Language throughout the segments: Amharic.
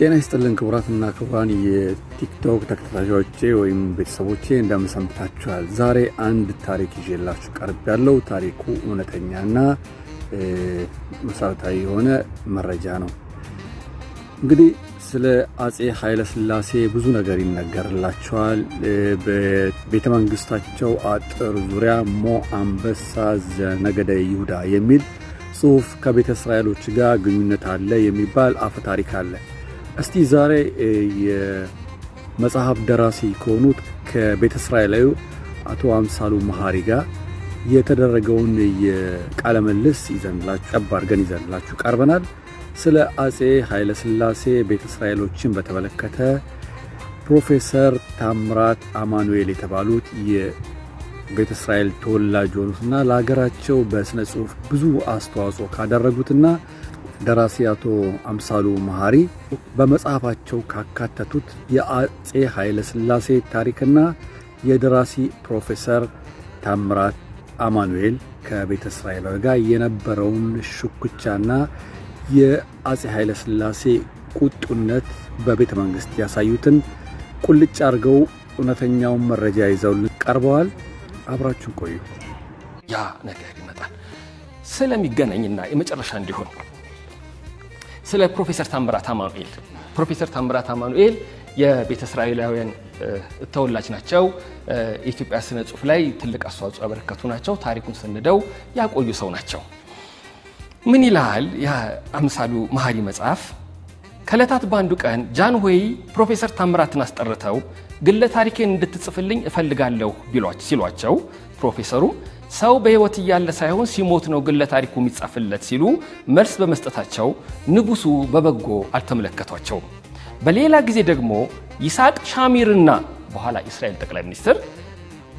ጤና ይስጥልን ክቡራትና ክቡራን የቲክቶክ ተከታታዮቼ ወይም ቤተሰቦቼ እንደምሰምታችኋል። ዛሬ አንድ ታሪክ ይዤላችሁ ቀርብ ያለው ታሪኩ እውነተኛና መሰረታዊ የሆነ መረጃ ነው። እንግዲህ ስለ አጼ ኃይለስላሴ ብዙ ነገር ይነገርላቸዋል። በቤተ መንግስታቸው አጥር ዙሪያ ሞ አንበሳ ዘነገደ ይሁዳ የሚል ጽሁፍ ከቤተ እስራኤሎች ጋር ግንኙነት አለ የሚባል አፈ ታሪክ አለ። እስቲ ዛሬ የመጽሐፍ ደራሲ ከሆኑት ከቤተ እስራኤላዊ አቶ አምሳሉ መሀሪ ጋር የተደረገውን የቃለ ምልልስ ይዘንላችሁ ጠብ አድርገን ይዘንላችሁ ቀርበናል። ስለ አጼ ኃይለስላሴ ቤተ እስራኤሎችን በተመለከተ ፕሮፌሰር ታምራት አማኑኤል የተባሉት የቤተ እስራኤል ተወላጅ ሆኑትና ለሀገራቸው በሥነ ጽሑፍ ብዙ አስተዋጽኦ ካደረጉትና ደራሲ አቶ አምሳሉ መሐሪ በመጽሐፋቸው ካካተቱት የአጼ ስላሴ ታሪክና የደራሲ ፕሮፌሰር ታምራት አማኑኤል ከቤተ እስራኤላዊ ጋር የነበረውን ሽኩቻና የአጼ ስላሴ ቁጡነት በቤተ መንግሥት ያሳዩትን ቁልጭ አድርገው እውነተኛውን መረጃ ይዘውልን ቀርበዋል። አብራችሁን ቆዩ። ያ ነገር ይመጣል ስለሚገናኝና የመጨረሻ እንዲሆን ስለ ፕሮፌሰር ታምራት አማኑኤል ፕሮፌሰር ታምራት አማኑኤል የቤተ እስራኤላውያን ተወላጅ ናቸው። የኢትዮጵያ ስነ ጽሁፍ ላይ ትልቅ አስተዋጽኦ ያበረከቱ ናቸው። ታሪኩን ሰንደው ያቆዩ ሰው ናቸው። ምን ይላል የአምሳሉ መሀሪ መጽሐፍ? ከእለታት በአንዱ ቀን ጃንሆይ ፕሮፌሰር ታምራትን አስጠርተው ግለ ታሪኬን እንድትጽፍልኝ እፈልጋለሁ ሲሏቸው ፕሮፌሰሩም ሰው በሕይወት እያለ ሳይሆን ሲሞት ነው ግለ ታሪኩ የሚጻፍለት ሲሉ መልስ በመስጠታቸው ንጉሡ በበጎ አልተመለከቷቸውም። በሌላ ጊዜ ደግሞ ይስሐቅ ሻሚርና በኋላ የእስራኤል ጠቅላይ ሚኒስትር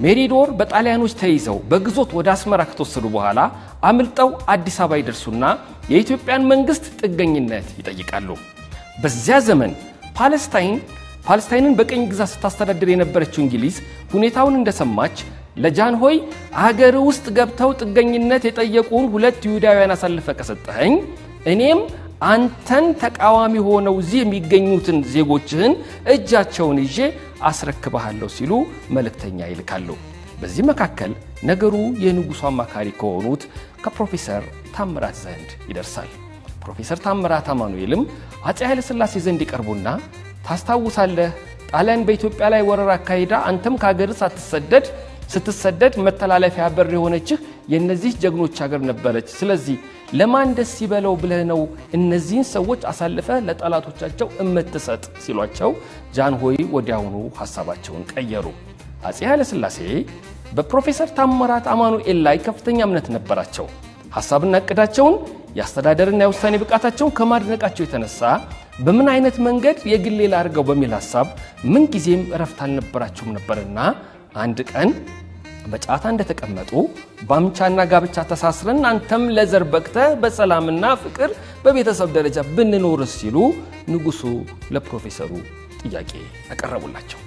ሜሪዶር በጣሊያኖች ተይዘው በግዞት ወደ አስመራ ከተወሰዱ በኋላ አምልጠው አዲስ አበባ ይደርሱና የኢትዮጵያን መንግስት ጥገኝነት ይጠይቃሉ። በዚያ ዘመን ፓለስታይን ፓለስታይንን በቅኝ ግዛት ስታስተዳድር የነበረችው እንግሊዝ ሁኔታውን እንደሰማች ለጃንሆይ አገር ውስጥ ገብተው ጥገኝነት የጠየቁን ሁለት ይሁዳውያን አሳልፈ ከሰጠኸኝ እኔም አንተን ተቃዋሚ ሆነው እዚህ የሚገኙትን ዜጎችህን እጃቸውን ይዤ አስረክበሃለሁ ሲሉ መልእክተኛ ይልካሉ። በዚህ መካከል ነገሩ የንጉሡ አማካሪ ከሆኑት ከፕሮፌሰር ታምራት ዘንድ ይደርሳል። ፕሮፌሰር ታምራት አማኑኤልም አፄ ኃይለሥላሴ ዘንድ ይቀርቡና ታስታውሳለህ፣ ጣሊያን በኢትዮጵያ ላይ ወረራ አካሂዳ አንተም ከሀገር ሳትሰደድ ስትሰደድ መተላለፊያ በር የሆነችህ የእነዚህ ጀግኖች ሀገር ነበረች። ስለዚህ ለማን ደስ ይበለው ብለህ ነው እነዚህን ሰዎች አሳልፈ ለጠላቶቻቸው እምትሰጥ ሲሏቸው ጃንሆይ ወዲያውኑ ሀሳባቸውን ቀየሩ። አፄ ኃይለሥላሴ በፕሮፌሰር ታምራት አማኑኤል ላይ ከፍተኛ እምነት ነበራቸው። ሀሳብና እቅዳቸውን የአስተዳደርና የውሳኔ ብቃታቸውን ከማድነቃቸው የተነሳ በምን አይነት መንገድ የግሌ ላድርገው በሚል ሀሳብ ምንጊዜም እረፍት አልነበራቸውም ነበርና አንድ ቀን በጫታ እንደተቀመጡ ባምቻና ጋብቻ ተሳስረን አንተም ለዘር በቅተህ በሰላምና ፍቅር በቤተሰብ ደረጃ ብንኖርስ ሲሉ ንጉሱ ለፕሮፌሰሩ ጥያቄ አቀረቡላቸው።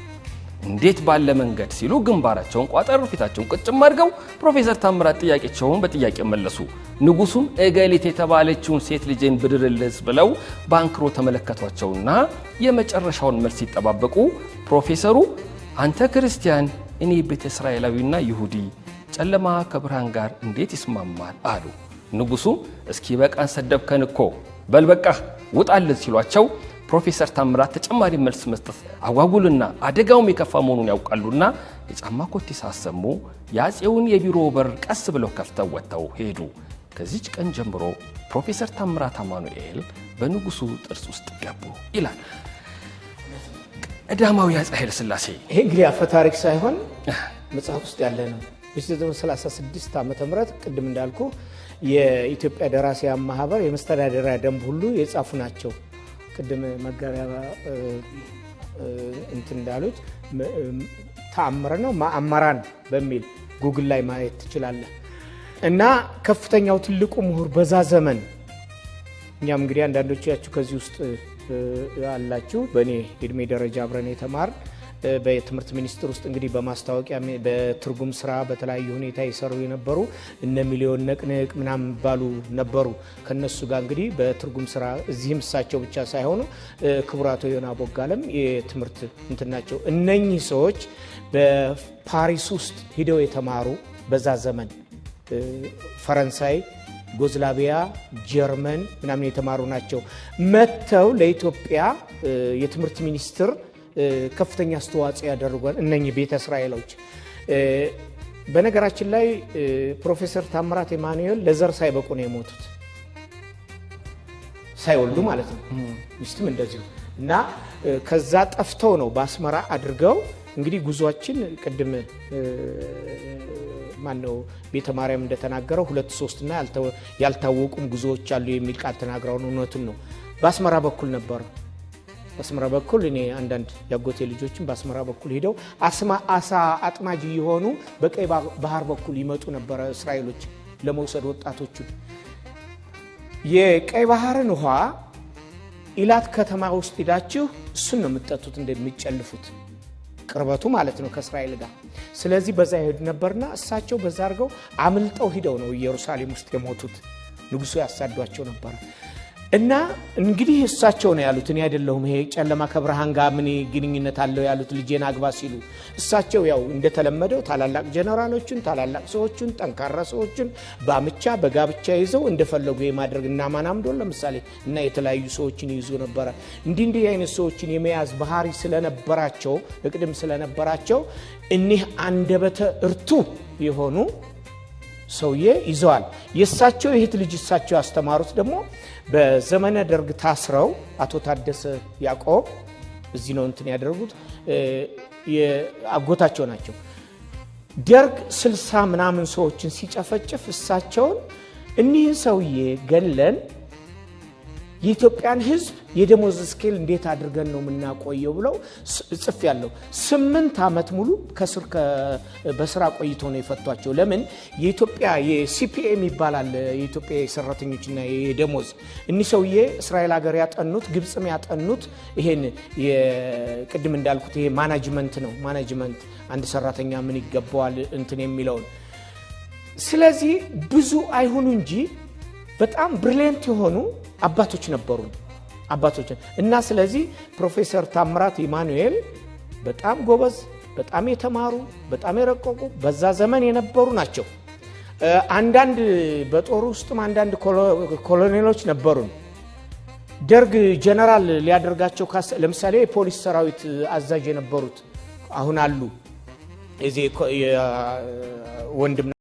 እንዴት ባለ መንገድ ሲሉ ግንባራቸውን ቋጠሩ፣ ፊታቸውን ቅጭም አድርገው ፕሮፌሰር ታምራት ጥያቄቸውን በጥያቄ መለሱ። ንጉሱም እገሊት የተባለችውን ሴት ልጅን ብድርልስ ብለው በአንክሮ ተመለከቷቸውና የመጨረሻውን መልስ ሲጠባበቁ ፕሮፌሰሩ አንተ ክርስቲያን እኔ ቤተ እስራኤላዊና ይሁዲ ጨለማ ከብርሃን ጋር እንዴት ይስማማል አሉ። ንጉሱ እስኪ በቃን ሰደብከን እኮ በልበቃ ውጣልን ሲሏቸው ፕሮፌሰር ታምራት ተጨማሪ መልስ መስጠት አጓጉልና አደጋውም የከፋ መሆኑን ያውቃሉና የጫማ ኮቴ ሳሰሙ የአፄውን የቢሮ በር ቀስ ብለው ከፍተው ወጥተው ሄዱ። ከዚች ቀን ጀምሮ ፕሮፌሰር ታምራት አማኑኤል በንጉሱ ጥርስ ውስጥ ገቡ ይላል። ቀዳማዊ አፄ ኃይለ ሥላሴ ይሄ እንግዲህ አፈታሪክ ታሪክ ሳይሆን መጽሐፍ ውስጥ ያለ ነው። በ1936 ዓ ም ቅድም እንዳልኩ የኢትዮጵያ ደራሲያን ማህበር የመስተዳደሪያ ደንብ ሁሉ የጻፉ ናቸው። ቅድም መጋሪያ እንትን እንዳሉት ተአምረ ነው ማአመራን በሚል ጉግል ላይ ማየት ትችላለህ። እና ከፍተኛው ትልቁ ምሁር በዛ ዘመን እኛም እንግዲህ አንዳንዶቻችሁ ከዚህ ውስጥ አላችሁ። በእኔ እድሜ ደረጃ አብረን የተማር በትምህርት ሚኒስቴር ውስጥ እንግዲህ በማስታወቂያ በትርጉም ስራ በተለያዩ ሁኔታ የሰሩ የነበሩ እነ ሚሊዮን ነቅንቅ ምናምን የሚባሉ ነበሩ። ከነሱ ጋር እንግዲህ በትርጉም ስራ እዚህም እሳቸው ብቻ ሳይሆኑ ክቡራቶ የሆነ አቦጋለም የትምህርት እንትን ናቸው። እነኚህ ሰዎች በፓሪስ ውስጥ ሂደው የተማሩ በዛ ዘመን ፈረንሳይ ጎዝላቪያ፣ ጀርመን ምናምን የተማሩ ናቸው። መጥተው ለኢትዮጵያ የትምህርት ሚኒስቴር ከፍተኛ አስተዋጽኦ ያደርጓል እነኚህ ቤተ እስራኤሎች። በነገራችን ላይ ፕሮፌሰር ታምራት ኤማኑኤል ለዘር ሳይበቁ ነው የሞቱት፣ ሳይወልዱ ማለት ነው። ሚስትም እንደዚሁ እና ከዛ ጠፍተው ነው በአስመራ አድርገው እንግዲህ ጉዟችን ቅድም ማነው ቤተ ማርያም እንደተናገረው ሁለት ሶስትና ያልታወቁም ጉዞዎች አሉ የሚል ቃል ተናግረውን እውነቱን ነው። በአስመራ በኩል ነበር በአስመራ በኩል እኔ አንዳንድ ያጎቴ ልጆችም በአስመራ በኩል ሄደው አሳ አጥማጅ የሆኑ በቀይ ባህር በኩል ይመጡ ነበረ እስራኤሎች ለመውሰድ ወጣቶቹ የቀይ ባህርን ውሃ ኢላት ከተማ ውስጥ ሄዳችሁ እሱን ነው የምትጠጡት እንደሚጨልፉት ቅርበቱ ማለት ነው ከእስራኤል ጋር። ስለዚህ በዛ ይሄዱ ነበርና እሳቸው በዛ አድርገው አምልጠው ሂደው ነው ኢየሩሳሌም ውስጥ የሞቱት። ንጉሱ ያሳዷቸው ነበር። እና እንግዲህ እሳቸው ነው ያሉት፣ እኔ አይደለሁም። ይሄ ጨለማ ከብርሃን ጋር ምን ግንኙነት አለው ያሉት ልጄን አግባ ሲሉ እሳቸው ያው እንደተለመደው ታላላቅ ጀነራሎችን፣ ታላላቅ ሰዎችን፣ ጠንካራ ሰዎችን በአምቻ በጋብቻ ይዘው እንደፈለጉ የማድረግ እና ማናምዶ ለምሳሌ እና የተለያዩ ሰዎችን ይዙ ነበረ። እንዲህ እንዲህ አይነት ሰዎችን የመያዝ ባህሪ ስለነበራቸው እቅድም ስለነበራቸው እኒህ አንደበተ እርቱ የሆኑ ሰውዬ ይዘዋል። የእሳቸው የህት ልጅ እሳቸው ያስተማሩት ደግሞ በዘመነ ደርግ ታስረው አቶ ታደሰ ያዕቆብ እዚህ ነው እንትን ያደረጉት አጎታቸው ናቸው። ደርግ ስልሳ ምናምን ሰዎችን ሲጨፈጭፍ እሳቸውን እኒህን ሰውዬ ገለን የኢትዮጵያን ህዝብ የደሞዝ ስኬል እንዴት አድርገን ነው የምናቆየው ብለው ጽፍ ያለው ስምንት ዓመት ሙሉ ከስር በስራ ቆይቶ ነው የፈቷቸው። ለምን የኢትዮጵያ የሲፒኤም ይባላል የኢትዮጵያ የሰራተኞችና የደሞዝ እኒ ሰውዬ እስራኤል ሀገር ያጠኑት ግብፅም ያጠኑት ይሄን ቅድም እንዳልኩት ይሄ ማናጅመንት ነው። ማናጅመንት አንድ ሰራተኛ ምን ይገባዋል እንትን የሚለውን ስለዚህ ብዙ አይሁኑ እንጂ በጣም ብሪሊየንት የሆኑ አባቶች ነበሩ አባቶች እና ስለዚህ ፕሮፌሰር ታምራት ኢማኑኤል በጣም ጎበዝ፣ በጣም የተማሩ፣ በጣም የረቀቁ በዛ ዘመን የነበሩ ናቸው። አንዳንድ በጦር ውስጥም አንዳንድ ኮሎኔሎች ነበሩን። ደርግ ጀነራል ሊያደርጋቸው ለምሳሌ የፖሊስ ሰራዊት አዛዥ የነበሩት አሁን አሉ የዚህ ወንድም